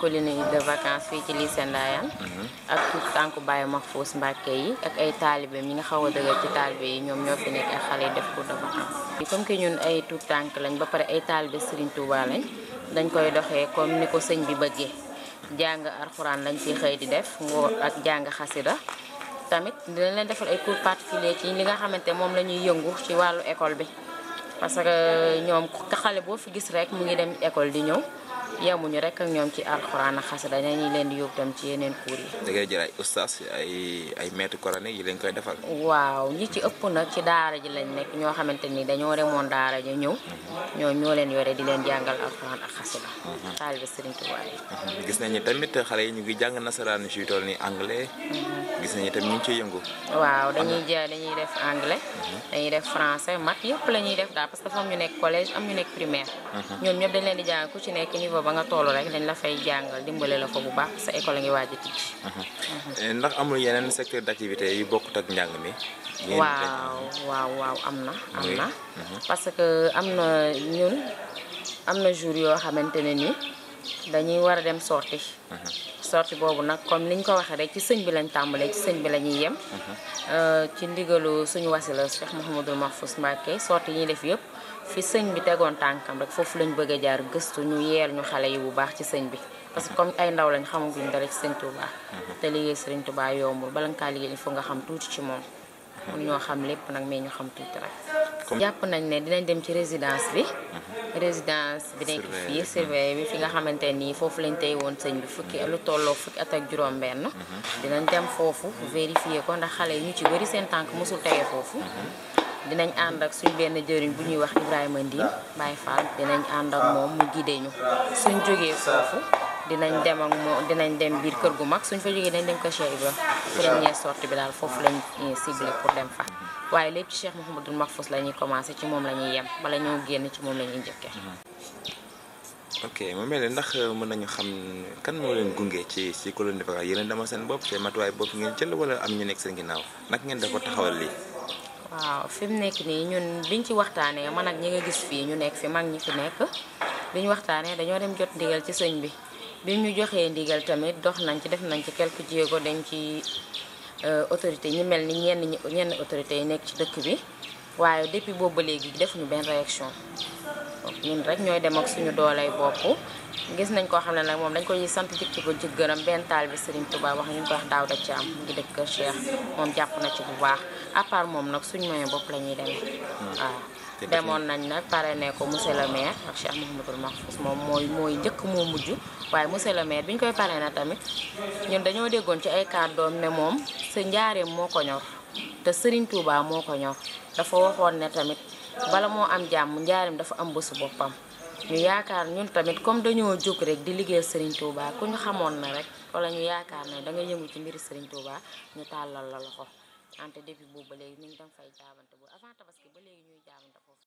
colonie yi de vacances fii ci lycée Ndayane mhm. ak tout tànk Baye Mahfous Mbacké yi ak ay taalibeem ñi nga xaw a dëgër ci taalibe yi ñoom ñoo fi nekk ak xale yi def cours de vacances comme que ñun ay tout tànk lañ ba pare ay taalibe Serigne Touba lañ dañ koy doxee comme ni ko sëñ bi bëggee jàng arxuraan lañ fi xëy di def ngoo ak jàng xasida tamit dinañ leen defal ay cours particulier ci li nga xamante moom lañuy yëngu ci wàllu école bi parce que ñoom xale boo fi gis rek mu ngi dem école di ñëw yemuñu rek ak ñoom ci alxuraan ak xasida dañuy leen di yóbbu tam ci yeneen cours da ngay jël ay ustaas ay ay maître coranique yi lañ koy defal. waaw ñi ñoo xamante ni dañoo remoon mhm. di leen jàngal alxuraan ak xasida. Mhm. taalibe Sëriñ Tuubaa yi. Mhm. gis nañu tamit xale yi ñu ngi jàng nasaraan yu si toll nii anglais. gis nañu ñu ngi ciy yëngu. waaw dañuy jël dañuy def anglais. dañuy def français math yëpp la ñuy def daal parce que dafa am ñu nekk collège am ñu nekk primaire. ñoom ñëpp dañ leen di jàng ku ci nekk niveau ba nga toll rek dañ la fay jàngal dimbale la fa bu baax sa école ngi waaj a mhm. eh, ndax amul yeneen secteur d'activité yu bokkut ak njàng mi. waaw waaw waaw am na am na. Mhm. parce que am na ñun am na jour yoo xamante ne ni dañuy war a dem sorti mhm. sorti boobu nag comme ñu ko waxee rek ci sëñ bi lañ tàmbalee ci sëñ bi la ñuy yem. Euh, ci ndigalu suñu wasila Cheikh Mouhamadul Mahfous Mbacké sorti yi ñuy def yëpp fi sëñ bi tegoon tànkam rek foofu lañ bëgg a jaar gëstu ñu yeel ñu xale yi bu baax ci sëñ bi. parce que comme ay ndaw lañ xamaguñ dara ci sëñ Touba. Mhm. te liggéey sëriñ Touba yombul bala nga kaa liggéey il faut nga xam tuuti ci moom. Mhm. mun ñoo xam lépp nag mais ñu xam tuuti rek. jàpp nañ ne dinañ dem ci résidence bi. Mhm. résidence bi nekk fii mhm. fi nga xamante nii foofu lañ tey woon sëñ bi fukki lu tolloo fukki at ak juróom-benn. Mhm. dinañ dem foofu vérifier ko ndax xale yi ñu ci bëri seen tànk mosul tege foofu. dinañ ànd ak suñ benn jëriñ bu ñuy wax Ibrahima Ndim Baye Fall dinañ ànd ak moom mu gide ñu suñ jógee foofu. dinañ dem ak moom dinañ dem biir kër gu mag suñ fa jógee dañ dem ko Cheikh Ibra première sortie bi daal foofu lañ eh, ciblé pour dem fa waaye lépp ci Cheikh Mouhamadul Mahfous la ñuy commencé ci moom la ñuy yem bala ñoo génn ci moom la ñuy ok mu mel ne ndax mën nañu xam kan moo leen gunge ci ci colonie vacances yéen a demal seen bopp te matuwaay bopp ngeen jël wala am ñu nekk seen ginnaaw nag ngeen dafa taxawal lii. waaw fi mu nekk nii ñun biñ ci waxtaanee nga gis fii ñu nekk fi mag ñi fi nekk biñ waxtaanee dañoo dem jot ndigal ci sëñ bi. bi ñu joxee ndigal tamit dox nañ ci def nañ ci quelque jéego dañ ci euh, autorité ñi mel ni ñenn ñi ñenn autorité yi nekk ci dëkk bi waaye depuis boobu ba léegi defuñu benn réaction ñun rek ñooy dem ak suñu doolay bopp gis nañ koo xam ne nag moom dañ koy sant jik ci ko ci gërëm benn taal bi Serigne Touba wax ñu ko daaw da ci am ngi dëkk Kër Cheikh moom jàpp na ci bu baax à moom nag suñu moyen bopp la ñuy demee hmm. waaw demoon nañ nag parrainé ko monsieur le maire ak Cheikh Mouhamadoul Mahfouz moom mooy mooy njëkk moo mujj waaye monsieur le maire bi ñu koy na tamit ñun dañoo déggoon ci ay kàddoom ne moom sa njaareem moo ko ñor te Serigne Touba moo ko ñor dafa waxoon ne tamit bala moo am jàmm njaareem dafa am bésu boppam ñu yaakaar ñun tamit comme dañoo jóg rek di liggéey Serigne Touba ku ñu xamoon na rek wala ñu yaakaar ne da nga yëngu ci mbiri Serigne Touba ñu tàllal la loxo wante depuis :fra boobu ba léegi ñu ngi doon fay jaabante boobu avant tabaski ba léegi ñuy jaabante foofu